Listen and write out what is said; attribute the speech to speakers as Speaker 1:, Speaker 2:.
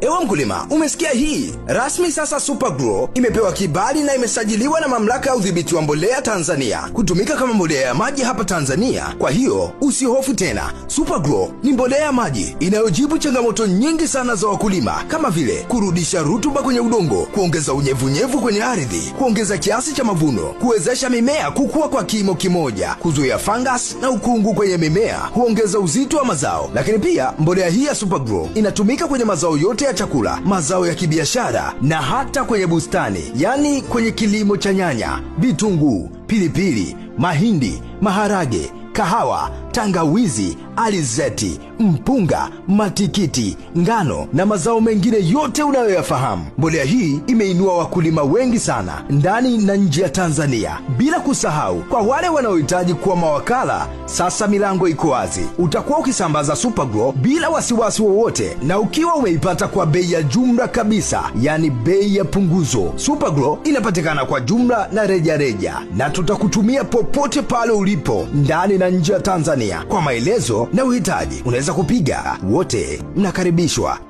Speaker 1: Ewe mkulima, umesikia hii? Rasmi sasa Supergrow imepewa kibali na imesajiliwa na Mamlaka ya Udhibiti wa Mbolea Tanzania kutumika kama mbolea ya maji hapa Tanzania. Kwa hiyo usihofu tena, Supergrow ni mbolea ya maji inayojibu changamoto nyingi sana za wakulima kama vile kurudisha rutuba kwenye udongo, kuongeza unyevunyevu kwenye ardhi, kuongeza kiasi cha mavuno, kuwezesha mimea kukua kwa kimo kimoja, kuzuia fungus na ukungu kwenye mimea, huongeza uzito wa mazao. Lakini pia mbolea hii ya Supergrow inatumika kwenye mazao yote ya chakula, mazao ya kibiashara na hata kwenye bustani, yaani kwenye kilimo cha nyanya, vitunguu, pilipili, mahindi, maharage, kahawa tangawizi, alizeti, mpunga, matikiti, ngano na mazao mengine yote unayoyafahamu. Mbolea hii imeinua wakulima wengi sana ndani na nje ya Tanzania, bila kusahau kwa wale wanaohitaji kuwa mawakala. Sasa milango iko wazi, utakuwa ukisambaza Supergrow bila wasiwasi wowote, na ukiwa umeipata kwa bei ya jumla kabisa, yani bei ya punguzo. Supergrow inapatikana kwa jumla na rejareja reja, na tutakutumia popote pale ulipo ndani na nje ya Tanzania. Tanzania. Kwa maelezo na uhitaji unaweza kupiga. Wote mnakaribishwa.